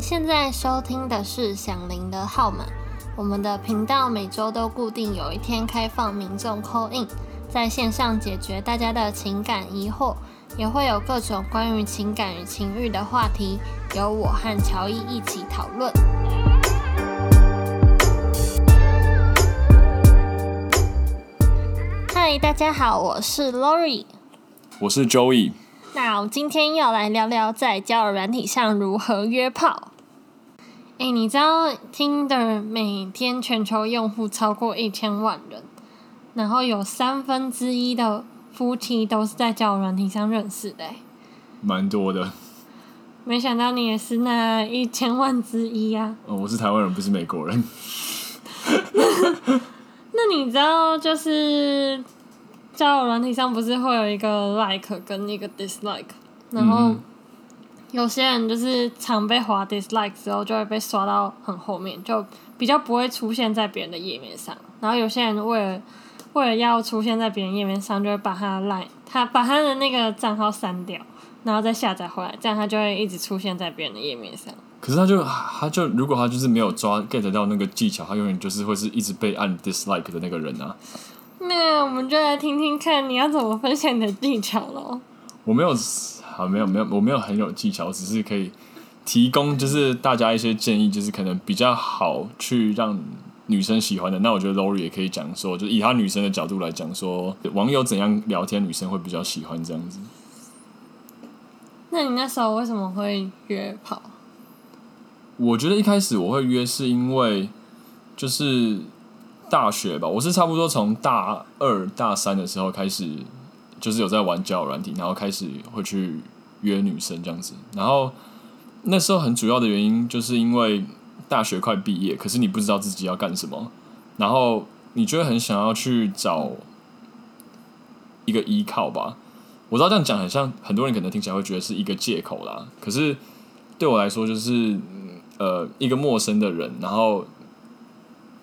現在收聽的是響鈴的號碼。我們的頻道每周都固定有一天開放民眾 call in，在線上解決大家的情感疑惑，也會有各種關於情感與情欲的話題，由我和喬伊一起討論。嗨， Hi, 大家好，我是 Lori，我是 Joey。那我們今天要來聊聊在交友軟體上如何約炮。誒、欸，你知道 Tinder 每天全球用戶超過一千萬人，然後有三分之一的夫妻都是在交友軟體上認識的、欸，蠻多的。沒想到你也是那一千萬之一啊！哦，我是台灣人，不是美國人。 那，那你知道，就是交友軟體上不是會有一個 like 跟一個 dislike，然後、嗯？有些人就是常被劃 dislike 之後，就會被刷到很後面，就比較不會出現在別人的頁面上。然後有些人為了為了要出現在別人頁面上，就會把他的 line 他把他的那個賬號刪掉，然後再下載回來，這樣他就會一直出現在別人的頁面上。可是他就他就如果他就是沒有抓 get 到那個技巧，他永遠就是會是一直被按 dislike 的那個人啊。那我們就來聽聽看你要怎麼分享你的技巧嘍。我沒有。好，沒有沒有，我沒有很有技巧，只是可以提供，就是大家一些建議，就是可能比較好去讓女生喜歡的。那我覺得 Lori 也可以講說，就以他女生的角度來講說，網友怎樣聊天，女生會比較喜歡這樣子。那你那時候為什麼會約炮？我覺得一開始我會約是因為，就是大學吧，我是差不多從大二、大三的時候開始。就是有在玩交友軟體，然後開始會去約女生這樣子。然後那時候很主要的原因，就是因為大學快畢業，可是你不知道自己要幹什麼，然後你就會很想要去找一個依靠吧。我知道這樣講很像很多人可能聽起來會覺得是一個借口啦，可是對我來說，就是呃一個陌生的人，然後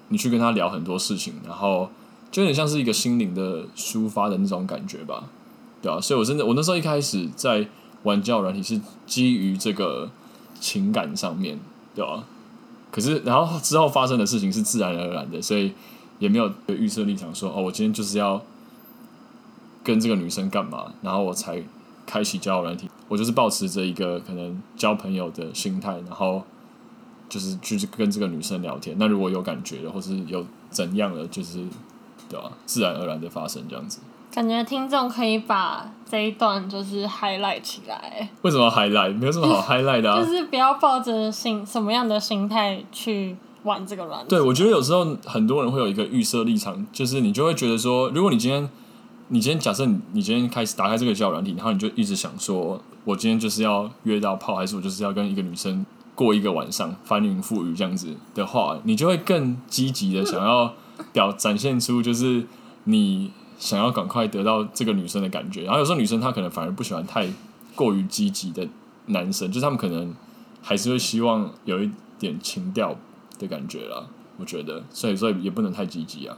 你去跟他聊很多事情，然後就有點像是一個心靈的抒發的那種感覺吧。對啊，所以我真的，我那時候一開始在玩交友軟體是基於這個情感上面，對吧？可是然後之後發生的事情是自然而然的，所以也沒有預設立場說，哦，我今天就是要跟這個女生幹嘛，然後我才開啟交友軟體。我就是抱持著一個可能交朋友的心態，然後就是去跟這個女生聊天。那如果有感覺，或是有怎樣的，就是對吧？自然而然的發生這樣子。感覺聽眾可以把這一段就是 highlight 起來。為什麼 highlight？沒有什麼好 highlight 的啊。 就是不要抱着心什麼樣的心態去玩這個軟體。對，我覺得有時候很多人會有一個預設立場，就是你就會覺得說，如果你今天你今天假設你你今天開始打開這個交友軟體，然後你就一直想說我今天就是要約到炮，還是我就是要跟一個女生過一個晚上翻雲覆雨這樣子的話，你就會更積極的想要表、嗯、表展現出就是你。想要趕快得到這個女生的感覺，然後有時候女生她可能反而不喜歡太過於積極的男生，就是他們可能還是會希望有一點情調的感覺啦。我覺得，所以所以也不能太積極啊。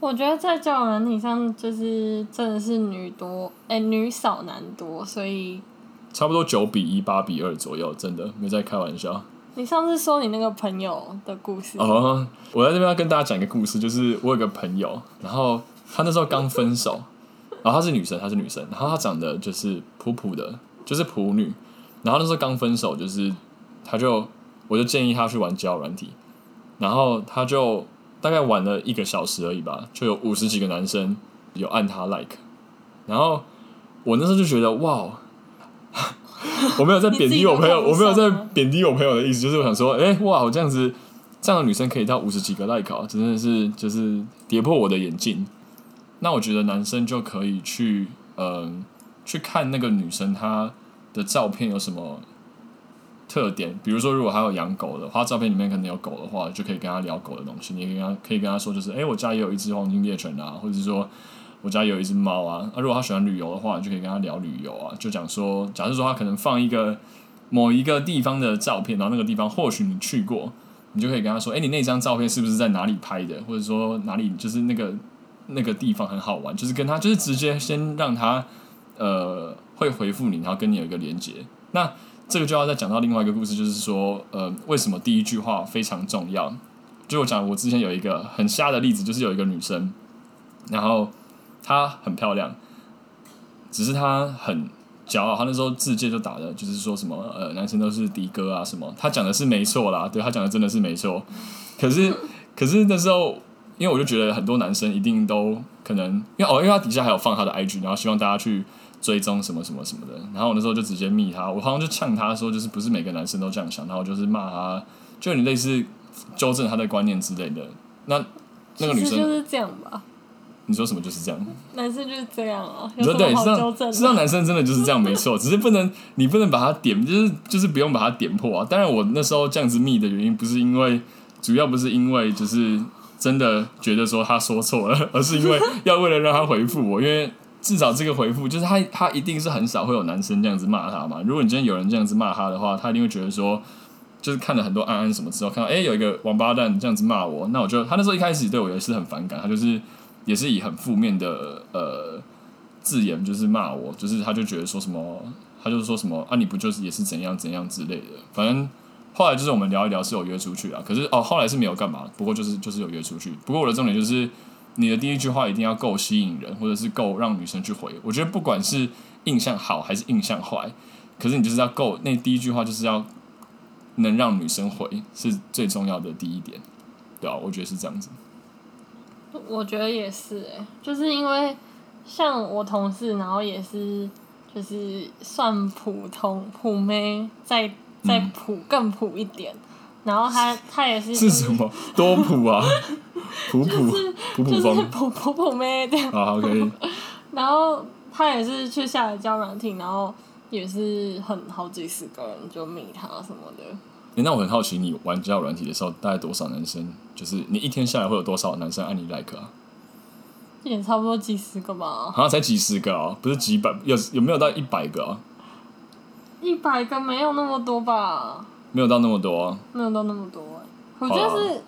我覺得在交友軟體上，就是真的是女多誒，女少男多，所以差不多九比一八比二左右，真的沒在開玩笑。你上次說你那個朋友的故事哦，我在這邊要跟大家講一個故事，就是我有個朋友，然後。她 那時候剛分手，然後她是女生，她是女生，然後她長得就是普普的，就是普女，然後那時候剛分手，就是她就，我就建議她去玩交友軟體，然後她就大概玩了一個小時而已吧，就有五十幾個男生有按她 like，然後我那時候就覺得哇， 我沒有在貶低我朋友， 啊、我沒有在貶低我朋友的意思，就是我想說，哎、欸、哇，我這樣子這樣的女生可以到五十幾個 like，真的是就是跌破我的眼鏡。那我覺得男生就可以去，嗯、呃，去看那個女生她的照片有什麼特點。比如說，如果她有養狗的話，她照片裡面可能有狗的話，就可以跟她聊狗的東西。你可以跟她，可以可以跟她說，就是，誒，我家也有一隻黃金獵犬啊，或者是說，我家有一隻貓啊。那、啊、如果她喜歡旅遊的話，你就可以跟她聊旅遊啊，就講說，假設說她可能放一個某一個地方的照片，然後那個地方或許你去過，你就可以跟她說，哎，你那張照片是不是在哪裡拍的？或者說哪裡就是那個。那個地方很好玩，就是跟他，就是直接先讓他，呃，會回復你，然後跟你有一個連接。那這個就要再講到另外一個故事，就是說，呃，為什麼第一句話非常重要？就我講，我之前有一個很瞎的例子，就是有一個女生，然後她很漂亮，只是她很驕傲。她那時候直接就打的，就是說什麼，呃，男生都是迪哥啊什麼。她講的是沒錯啦，對，她講的真的是沒錯。可是，可是那時候。因為我就覺得很多男生一定都可能，因為哦，因為他底下還有放他的 IG，然後希望大家去追蹤什麼什麼什麼的。然後我那時候就直接密他，我好像就嗆他說，就是不是每個男生都這樣想，然後就是罵他，就有點類似糾正他的觀念之類的。那那個女生就是這樣吧？你說什麼就是這樣？男生就是這樣哦。你說對，是讓男生真的就是這樣， 沒錯，只是不能你不能把他點，就是就是不用把他點破啊。當然，我那時候這樣子密的原因，不是因為主要不是因為就是，真的覺得說他說錯了，而是因為要為了讓他回復我，因為至少這個回復就是他他，一定是很少會有男生這樣子罵他嘛。如果你真的有人這樣子罵他的話，他一定會覺得說，就是看了很多安安什麼之後，看到哎有一個王八蛋這樣子罵我，那我就他，那時候一開始對我也是很反感，他就是也是以很負面的呃字眼就是罵我，就是他就覺得說什麼，他就是說什麼啊，你不就是也是怎樣怎樣之類的，反正。後來就是我們聊一聊是有約出去啊。可是哦，後來是沒有幹嘛。不過就是就是有約出去。不過我的重點就是，你的第一句話一定要夠吸引人，或者是夠讓女生去回。我覺得不管是印象好還是印象壞，可是你就是要夠。那第一句話就是要能讓女生回，是最重要的第一點，對啊，我覺得是這樣子。我覺得也是誒、欸，就是因為像我同事，然後也是就是算普通普妹在。再普更普一點，然後他他也是是什麼多普啊，普普普普風，普普普妹的。啊，可、okay、以。然後他也是去下了交友軟體，然後也是很好幾十個人就密他什麼的。欸、那我很好奇，你玩交友軟體的時候，大概多少男生？就是你一天下來會有多少男生按你 like 啊？也差不多幾十個吧。好像、啊、才幾十個啊？不是幾百？有有沒有到一百個啊？一百個沒有那麼多吧。沒有到那麼多、啊，沒有到那麼多、欸。Oh. 我覺得是，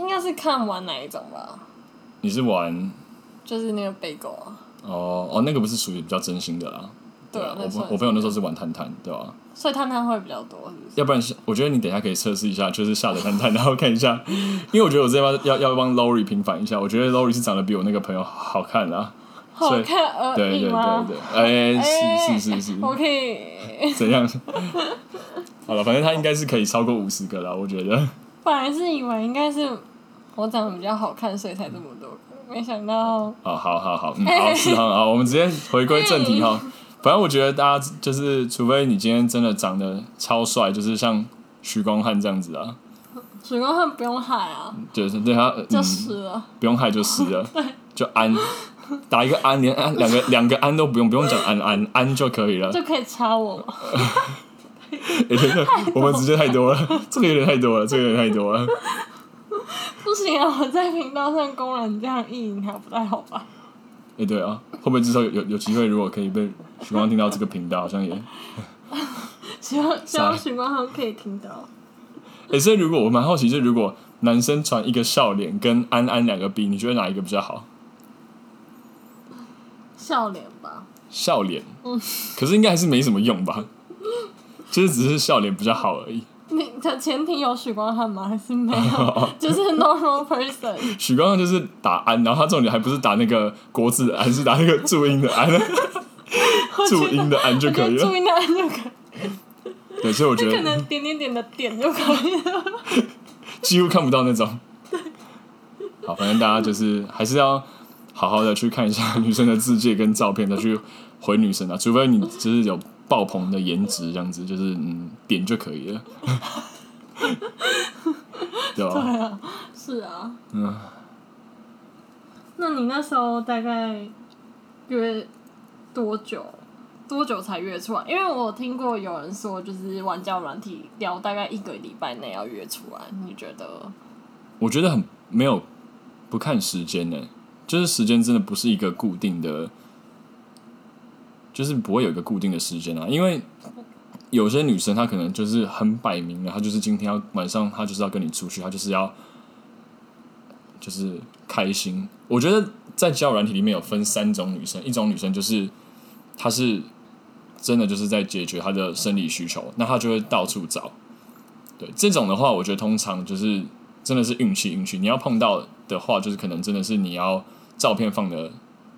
應該是看玩哪一種吧。你是玩？就是那個貝果啊。哦哦，那個不是屬於比較真心的啦。對啊，我我朋友那時候是玩探探，對吧、啊？所以探探會比較多，是不是？要不然，我覺得你等一下可以測試一下，就是下載探探， 然後看一下。因為我覺得我這邊要 要幫 Lori 平反一下，我覺得 Lori 是長得比我那個朋友好看啦、啊。好看而已對。哎，對對對、欸，是是是是。我可以。欸、怎樣？好了，反正他應該是可以超過五十個了，我覺得。本來是以為應該是我長得比較好看，所以才這麼多，沒想到。哦、嗯，好，好、欸，好，好，是好，好，我們直接回歸正題哈。反正我覺得大家就是，除非你今天真的長得超帥，就是像許光漢這樣子啊。許光漢不用害啊。就是對他。嗯、就死了。不用害就死了。對。就安。對打一個安，連安兩個兩個安都不用，不用講安安安就可以了，就可以插我了。 欸、了我們直接太多了， 這個有點太多了，這個有點太多了，不行啊！我在頻道上公然這樣意淫，還不太好吧？也、欸、對啊，會不會至少有有，有機會？如果可以被許光漢聽到這個頻道， 好像也希望希望許光漢可以聽到。哎、欸，所以如果我蠻好奇，就是、如果男生傳一個笑臉跟安安兩個 B，你覺得哪一個比，一個比較好？笑臉吧，笑臉，嗯，可是應該還是沒什麼用吧，就是只是笑臉比較好而已。你的前庭有許光漢嗎？還是沒有？ 就是 normal person。許光漢就是打安，然後他重點還不是打那個國字的安，是打那個注音的安， 我得 注音的安就可以了，我我注音的安就可。對，所以我覺得可能點點點的點就可以了， 幾乎看不到那種。對，好，反正大家就是還是要。好好的去看一下女生的字跡跟照片，再去回女生啊。除非你就是有爆棚的顏值，這樣子就是嗯點就可以了。對啊，是啊。嗯。那你那時候大概約多久？多久才約出來？因為我聽過有人說，就是玩交友軟體，聊大概一個禮拜內要約出來。你覺得？我覺得很沒有，不看時間呢、欸。就是時間真的不是一個固定的，就是不會有一個固定的時間啊。因為有些女生她可能就是很擺明了，她就是今天要，晚上，她就是要跟你出去，她就是要就是開心。我覺得在交友軟體裡面有分三種女生，一種女生就是她是真的就是在解決她的生理需求，那她就會到處找。對這種的話，我覺得通常就是真的是運氣運氣。你要碰到的話，就是可能真的是你要。照片放的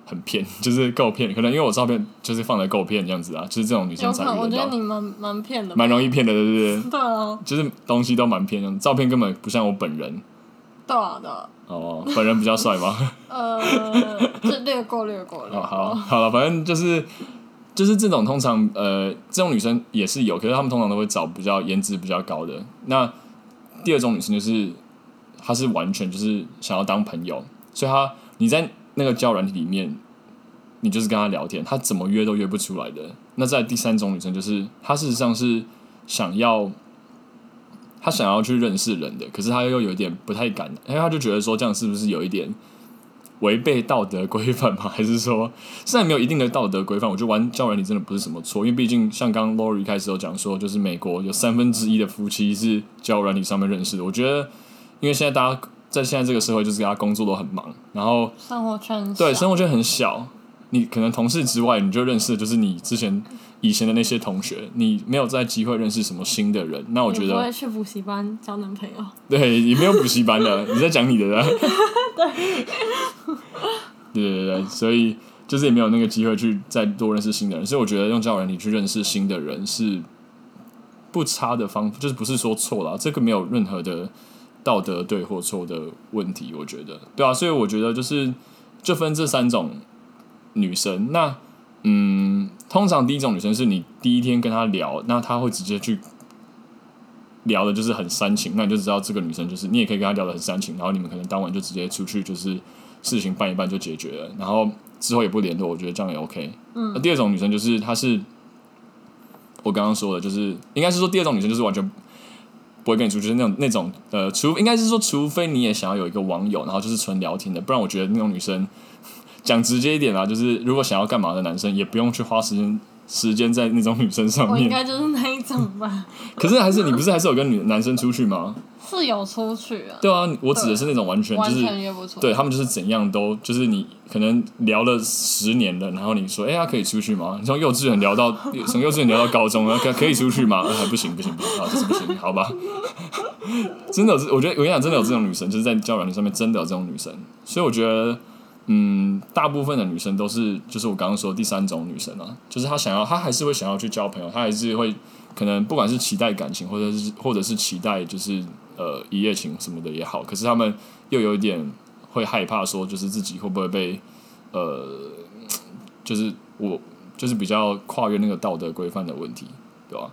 很偏，就是夠偏，可能因為我照片就是放的夠偏這樣子啊，就是這種女生才遇我覺得你蠻蠻偏的，蠻容易騙的，對不對？對啊。就是東西都蠻偏的，照片根本不像我本人。對啊，對啊。哦，本人比較帥嗎？ 呃，這略過，略過了。好，好了，反正就是就是這種，通常呃，這種女生也是有，可是她們通常都會找比較顏值比較高的。那第二種女生就是，她是完全就是想要當朋友，所以她。你在那個交友軟體裡面，你就是跟他聊天，他怎麼約都約不出來的。那在第三種女生，就是她事實上是想要，她想要去認識人的，可是她又有一點不太敢，因為她就覺得說這樣是不是有一點違背道德規範嘛？還是說雖然現在沒有一定的道德規範？我覺得玩交友軟體真的不是什麼錯，因為畢竟像剛 Laurie 一開始有講說，就是美國有三分之一的夫妻是交友軟體上面認識的。我覺得，因為現在大家。在現在這個社會，就是大家工作都很忙，然後生活圈對生活圈很小，你可能同事之外，你就認識就是你之前以前的那些同學，你沒有再機會認識什麼新的人。那我覺得我也不去補習班交男朋友，對，也沒有補習班的， 你在講你的啦。對， 對對對，對所以就是也沒有那個機會去再多認識新的人，所以我覺得用交友軟體去認識新的人是不差的方法，就是不是說錯了，這個沒有任何的。道德對或錯的問題，我覺得對啊，所以我覺得就是就分這三種女生。那嗯，通常第一種女生是你第一天跟她聊，那她會直接去聊的，就是很煽情，那你就知道這個女生就是你也可以跟她聊得很煽情，然後你們可能當晚就直接出去，就是事情辦一辦就解決了，然後之後也不聯絡，我覺得這樣也 OK。嗯，那第二種女生就是她是我剛剛說的，就是應該是說第二種女生就是完全。不會跟你出去，就是、那種那種，呃，除應該是說，除非你也想要有一個網友，然後就是純聊天的，不然我覺得那種女生講直接一點啦，就是如果想要幹嘛的男生，也不用去花時間時間在那種女生上面，應該就是那一種吧。 可是還是你不是還是有跟女男生出去嗎？是有出去啊。對啊，我指的是那種完全就是，對，對他們就是怎樣都就是你可能聊了十年的，然後你說哎，呀、欸、可以出去嗎？你從幼稚園聊到從幼稚園聊到高中，可 可以出去嗎？啊、欸，不行，不行，不，行不行，啊，這、就是不行，好吧？ 真的，我覺得我跟你講，真的有這種女生，就是在交友軟件上面真的有這種女生，所以我覺得。嗯，大部分的女生都是，就是我剛剛說的第三種女生啊，就是她想要，她還是會想要去交朋友，她還是會可能不管是期待感情，或者是或者是期待就是呃一夜情什麼的也好，可是她們又有一點會害怕說，就是自己會不會被呃，就是我就是比較跨越那個道德規範的問題，對吧？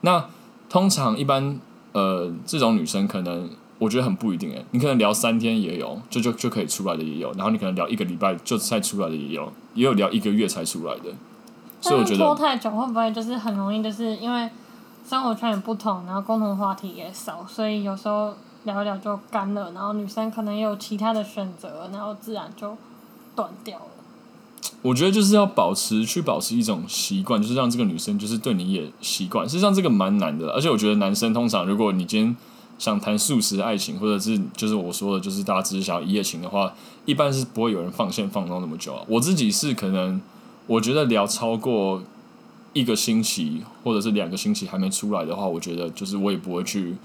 那通常一般呃這種女生可能。我覺得很不一定哎、欸，你可能聊三天也有，就就就可以出來的也有，然後你可能聊一個禮拜就再出來的也有，也有聊一個月才出來的。所以我覺得，但是拖太久會不會就是很容易就是因為生活圈也不同，然後共同話題也少，所以有時候聊一聊就乾了，然後女生可能也有其他的選擇，然後自然就斷掉了。我覺得就是要保持去保持一種習慣，就是讓這個女生就是對你也習慣。實際上這個蠻難的，而且我覺得男生通常如果你今天，想談速食愛情，或者是就是我說的，就是大家只是想要一夜情的話，一般是不會有人放線放那麼久啊。我自己是可能，我覺得聊超過一個星期，或者是兩個星期還沒出來的話，我覺得就是我也不會去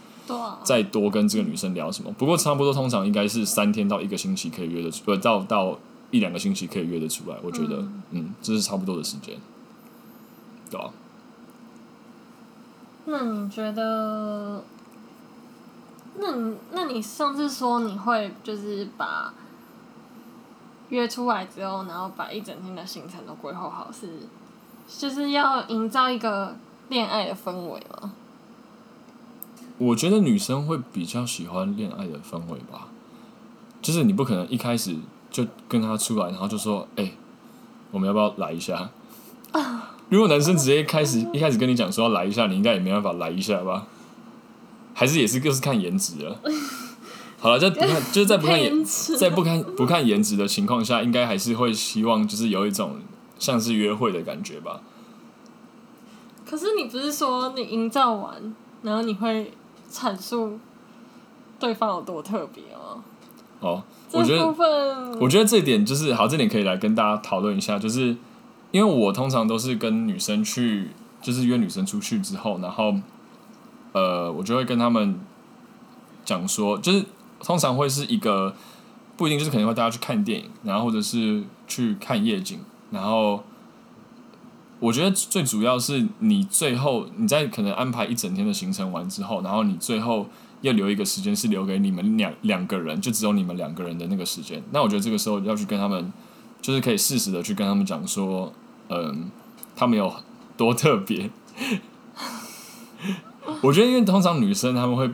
再多跟這個女生聊什麼。啊、不過差不多通常應該是三天到一個星期可以約得出，不，到到一兩個星期可以約得出來。我覺得，嗯，這、嗯就是差不多的時間，對啊。那你覺得？那……你……那你上次說你會就是把約出來之後，然後把一整天的行程都規劃好，是就是要營造一個戀愛的氛圍嗎？我覺得女生會比較喜歡戀愛的氛圍吧，就是你不可能一開始就跟他出來，然後就說：“哎、欸，我們要不要來一下？”啊！如果男生直接開始 一開始跟你講說要來一下，你應該也沒辦法來一下吧？還是也是就是看顏值了。 好了，在不看， 就是在不看顏值， 在不看不看顏值的情況下，應該還是會希望就是有一種像是約會的感覺吧。可是你不是說你營造完，然後你會闡述對方有多特別嗎？哦？哦，我覺得，我覺得這一點就是好，這點可以來跟大家討論一下。就是因為我通常都是跟女生去，就是約女生出去之後，然後。呃，我就會跟他們講說，就是通常會是一個不一定就是可能會帶大家去看電影，然後或者是去看夜景，然後我覺得最主要是你最後你在可能安排一整天的行程完之後，然後你最後要留一個時間是留給你們兩兩個人，就只有你們兩個人的那個時間，那我覺得這個時候要去跟他們，就是可以適時的去跟他們講說，嗯、呃，他們有多特別。我覺得，因為通常女生她們會，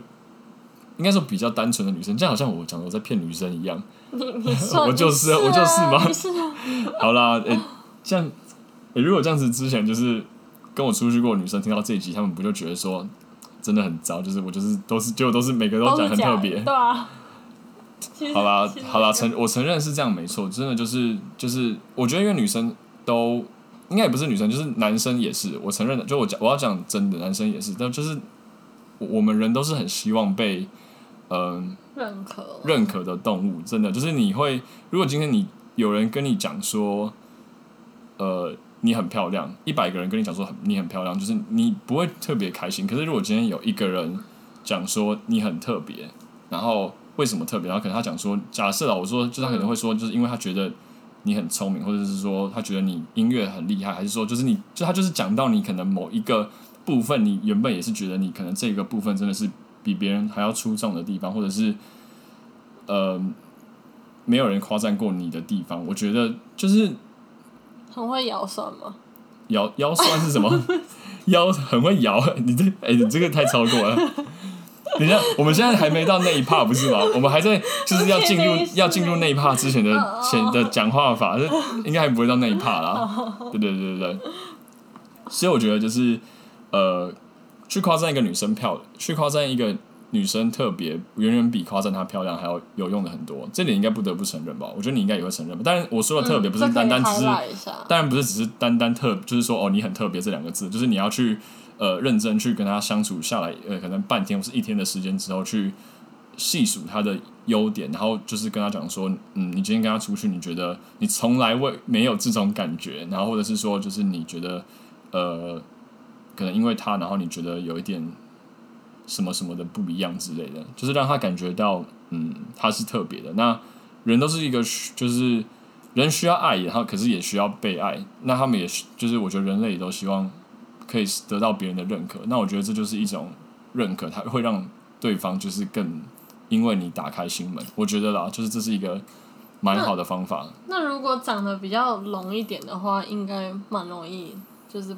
應該說比較單純的女生，就好像我講的我在騙女生一樣。 我就是，是、啊、我就是嘛。是啊、好啦，誒、欸，像、欸，如果這樣子之前就是跟我出去過女生聽到這一集，她們不就覺得說真的很糟？就是我就是都是，就都是每個都講很特別，好啦、啊、好啦，承我承認是這樣沒錯，真的就是就是，我覺得因為女生都。應該也不是女生，就是男生也是，我承認的。就我講，我要講真的，男生也是。但就是我們人都是很希望被，嗯、呃，認可認可的動物。真的，就是你會，如果今天你有人跟你講說，呃，你很漂亮，一百個人跟你講說很你很漂亮，就是你不會特別開心。可是如果今天有一個人講說你很特別，然後為什麼特別？然後可能他講說，假設啊，我說，就他可能會說，就是因為他覺得。你很聰明，或者是說他覺得你音樂很厲害，還是說就是你就他就是講到你可能某一個部分，你原本也是覺得你可能這個部分真的是比別人還要出眾的地方，或者是呃沒有人誇讚過你的地方，我覺得就是很會咬酸嗎？咬腰酸是什麼？腰 很會咬。你這哎、欸，你這個太超過了。 你 等一下，我們現在還沒到那一趴，不是嗎？我們還在，就是要進入 okay, this 要進入那一趴之前的前、 哦、的講話法，是應該還不會到那一趴啦。對對對對，對對，所以我覺得就是，呃，去誇讚一個女生漂亮，去誇讚一個女生特別，遠遠比誇讚她漂亮還要有用的很多。這點應該不得不承認吧？我覺得你應該也會承認吧，但是我說的特別不是單單只是，嗯、當然不是只是單單特，就是說哦、喔，你很特別這兩個字，就是你要去。呃，認真去跟他相處下來，呃，可能半天或是一天的時間之後，去細數他的優點，然後就是跟他講說，嗯，你今天跟他出去，你覺得你從來未沒有這種感覺，然後或者是說，就是你覺得，呃，可能因為他，然後你覺得有一點什麼什麼的不一樣之類的，就是讓他感覺到，嗯，他是特別的。那人都是一個，就是人需要愛，然後可是也需要被愛。那他們也是，就是我覺得人類也都希望，可以得到別人的認可，那我覺得這就是一種認可，它會讓對方就是更因為你打開心門。我覺得啦，就是這是一個蠻好的方法那。那如果長得比較濃一點的話，應該蠻容易就是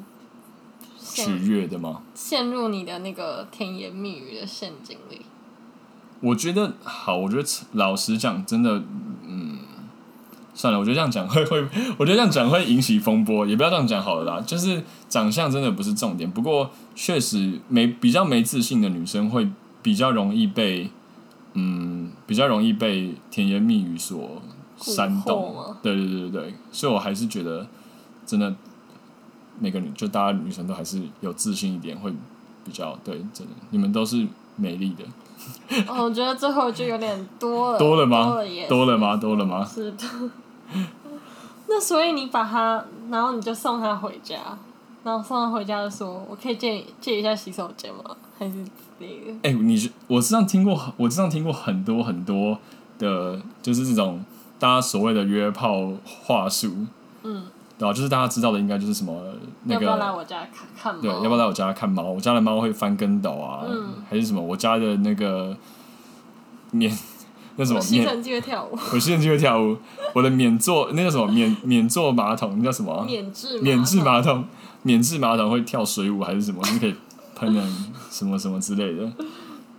取悅的嗎？陷入你的那個甜言蜜語的陷阱裡。我覺得好，我覺得老實講，真的。算了，我覺得這樣講會會，我覺得這樣講會引起風波，也不要這樣講好了啦。就是長相真的不是重點，不過確實沒比較沒自信的女生會比較容易被，嗯，比較容易被甜言蜜語所煽動，對對對對，所以我還是覺得真的，每個女就大家女生都還是有自信一點會比較對，真的你們都是美麗的。哦，我覺得最後就有點多了，多了嗎？多了嗎？多了嗎？是的。 那所以你把他，然後你就送他回家，然後送他回家的時候，我可以借借一下洗手間嗎？還是？哎、那個欸，你我之上聽過，我之上聽過很多很多的，就是這種大家所謂的約炮話術。嗯，然後、啊、就是大家知道的，應該就是什麼？那個、要不要來我家看看貓？對，要不要來我家看貓？我家的貓會翻跟斗啊，嗯、還是什麼？我家的那個面。那什麼？我現在就會跳舞。我現在就會跳舞。 我的免坐，那叫什麼？免免坐馬桶，那叫什麼、啊？免治免治馬桶，免治馬桶會跳水舞還是什麼？你可以噴人什麼什麼之類的。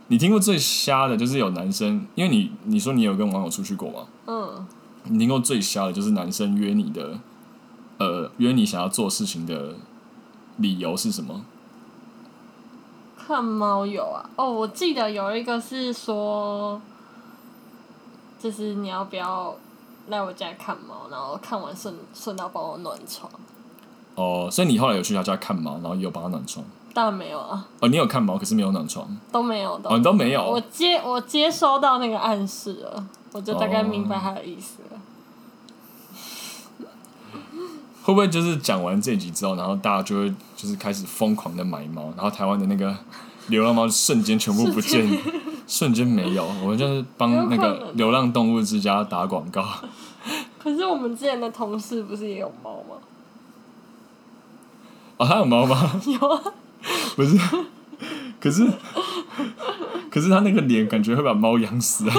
你聽過最瞎的就是有男生，因為你你說你有跟網友出去過嗎？嗯。你聽過最瞎的就是男生約你的，呃，約你想要做事情的理由是什麼？看貓友啊。哦，我記得有一個是說。就是你要不要來我家看貓，然後看完順順道幫我暖床。哦，所以你後來有去他家看貓，然後也有幫他暖床？當然沒有啊。哦，你有看貓，可是沒有暖床。都沒有，都，都沒有。我接，我接收到那個暗示了，我就大概明白他的意思了。哦。會不會就是講完這集之後，然後大家就會就是開始瘋狂的買貓，然後台灣的那個流浪貓瞬間全部不見？瞬間沒有，我就是幫那個流浪動物之家打廣告。可是我們之前的同事不是也有貓嗎？啊、哦，他有貓嗎？ 有啊，不是，可是可是他那個臉感覺會把貓養死啊。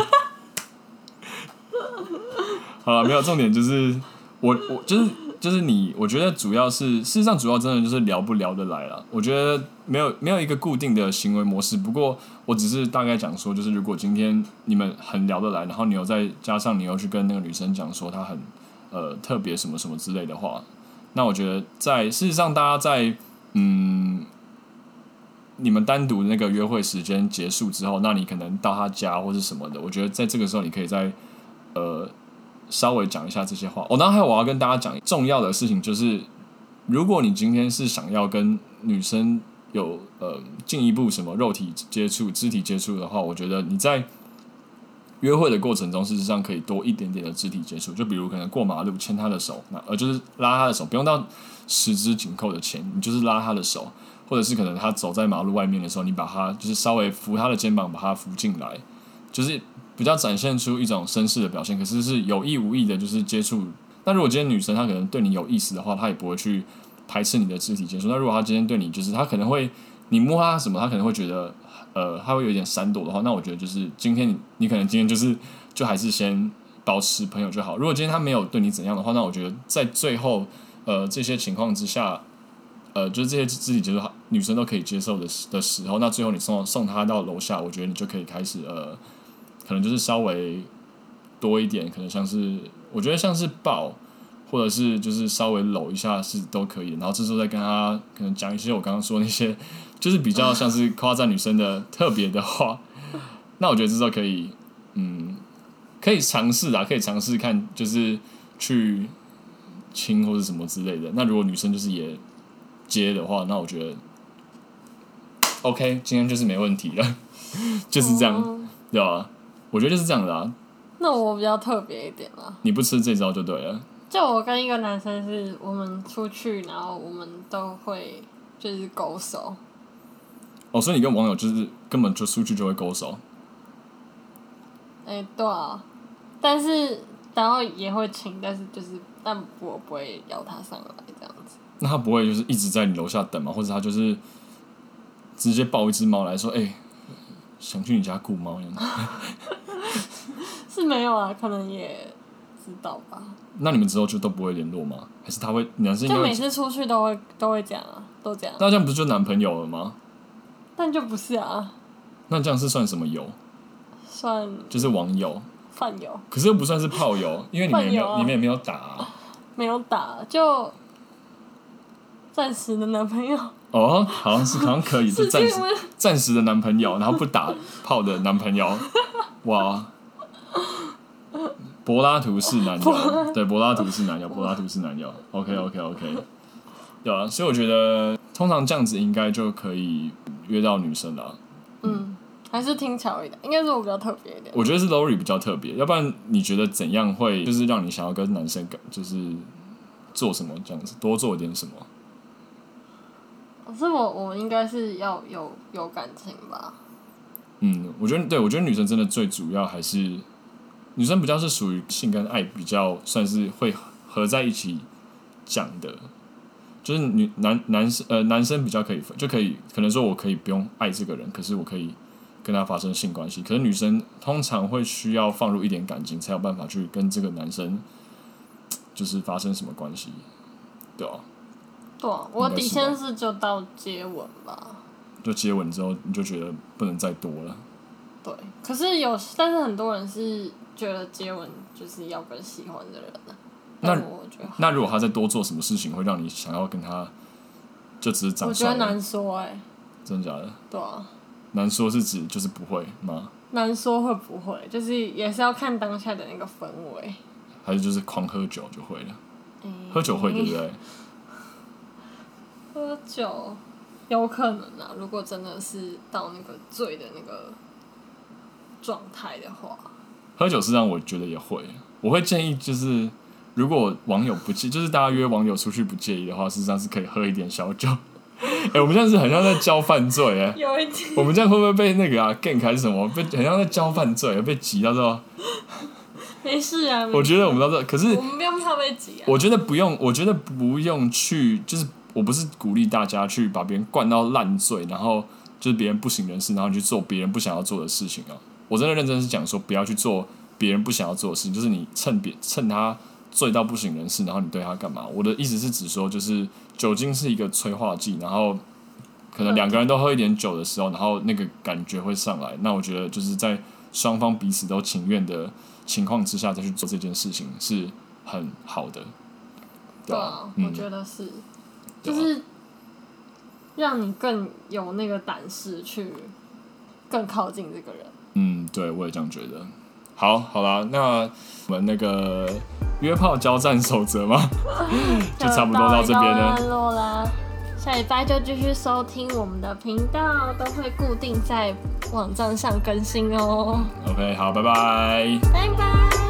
好了，沒有重點，就是，就是我我就是。就是你，我覺得主要是，事實上主要真的就是聊不聊得來啦。我覺得沒有沒有一個固定的行為模式。不過我只是大概講說，就是如果今天你們很聊得來，然後你又再加上你又去跟那個女生講說她很呃特別什麼什麼之類的話，那我覺得在事實上大家在嗯你們單獨的那個約會時間結束之後，那你可能到她家或者什麼的，我覺得在這個時候你可以在呃。稍微講一下這些話。我、oh, 然後還有我要跟大家講重要的事情，就是如果你今天是想要跟女生有呃進一步什麼肉體接觸、肢體接觸的話，我覺得你在約會的過程中，事實上可以多一點點的肢體接觸。就比如可能過馬路牽她的手，那呃就是拉她的手，不用到十指緊扣的前，你就是拉她的手，或者是可能她走在馬路外面的時候，你把她就是稍微扶她的肩膀，把她扶進來，就是。比較展現出一種紳士的表現，可是是有意無意的，就是接觸。但如果今天女生她可能對你有意思的話，她也不會去排斥你的肢體接觸。那如果她今天對你，就是她可能會你摸她什麼，她可能會覺得呃，她會有點閃躲的話，那我覺得就是今天你可能今天就是就還是先保持朋友就好。如果今天她沒有對你怎樣的話，那我覺得在最後呃這些情況之下，呃就是這些肢體接觸女生都可以接受的時的時候，那最後你送送她到樓下，我覺得你就可以開始呃。可能就是稍微多一點，可能像是我覺得像是抱，或者是就是稍微摟一下是都可以。然後這時候再跟他可能講一些我剛剛說那些，就是比較像是誇讚女生的特別的話。嗯、那我覺得這時候可以，嗯，可以嘗試啊，可以嘗試看，就是去親或者什麼之類的。那如果女生就是也接的話，那我覺得 OK，今天就是沒問題了，就是這樣，哦、對吧？我覺得就是這樣的啊。那我比較特別一點啦。你不吃這招就對了。就我跟一個男生是，我們出去，然後我們都會就是勾手。哦，所以你跟網友就是根本就出去就會勾手。欸，對啊。但是然後也會請，但是就是但我不會邀他上來這樣子。那他不會就是一直在你樓下等嗎？或者他就是直接抱一隻貓來說，欸？想去你家顧貓一樣 是沒有啊？可能也知道吧。那你們之後就都不會聯絡嗎？還是他會？你會就每次出去都會都會這樣啊，都這樣，那這樣不是就男朋友了嗎？那就不是啊。那這樣是算什麼友？算就是網友飯友，油可是又不算是炮友，因為你們也沒有、啊、你們也沒有打、啊，沒有打就。暫時的男朋友哦，好像是好像可以時時是暫暫時的男朋友，然後不打炮的男朋友，哇！柏拉圖式男友，拉對，柏拉圖式男友，柏拉，柏拉圖式男友。拉 OK OK OK，對啊，所以我覺得通常這樣子應該就可以約到女生了，嗯，嗯還是挺巧一點，應該是我比較特別一點。我覺得是 Lori 比較特別，要不然你覺得怎樣會就是讓你想要跟男生就是做什麼這樣子，多做一點什麼？可是我，我應該是要有有感情吧？嗯，我覺得，對我覺得女生真的最主要還是，女生比較是屬於性跟愛比較算是會合在一起講的，就是女男男生呃男生比較可以分就可以，可能說我可以不用愛這個人，可是我可以跟他發生性關係。可是女生通常會需要放入一點感情，才有辦法去跟這個男生就是發生什麼關係，對吧？對、啊，我底線是就到接吻吧，吧就接吻之後，你就覺得不能再多了。對，可是有，但是很多人是覺得接吻就是要跟喜歡的人、啊、那那如果他再多做什麼事情，會讓你想要跟他，就只是長，我覺得難說哎、欸。真假的？對、啊。難說是指就是不會嗎？難說會不會，就是也是要看當下的那個氛圍。還是就是狂喝酒就會了。欸、喝酒會，對不對？欸喝酒有可能啊，如果真的是到那個醉的那個狀態的話，喝酒實際上我覺得也會，我會建議就是如果網友不介，就是大家約網友出去不介意的話，事實上是可以喝一點小酒。哎、欸，我們現在是很像在教犯罪、欸，哎， 有一點 天，我們這樣會不會被那個啊 Gank 還是什麼？被很像在教犯罪、欸，有被擠到是 沒事啊，事啊，我覺得我們到時候可是我們不用怕被擠啊。我覺得不用，我覺得不用去就是。我不是鼓勵大家去把別人灌到爛醉，然後就是別人不省人事，然後你去做別人不想要做的事情啊！我真的認真是講說，不要去做別人不想要做的事情，就是你趁別趁他醉到不省人事，然後你對他幹嘛？我的意思是指說，就是酒精是一個催化劑，然後可能兩個人都喝一點酒的時候，然後那個感覺會上來。那我覺得就是在雙方彼此都情願的情況之下，再去做這件事情是很好的。對啊，嗯，我覺得是。就是讓你更有那個膽識去更靠近這個人。嗯，對我也這樣覺得。好好啦，那我們那個約炮交戰守則嗎？ 就差不多到這邊了。下禮拜就繼續收聽我們的頻道，都會固定在網站上更新哦。OK，好，拜拜，拜拜。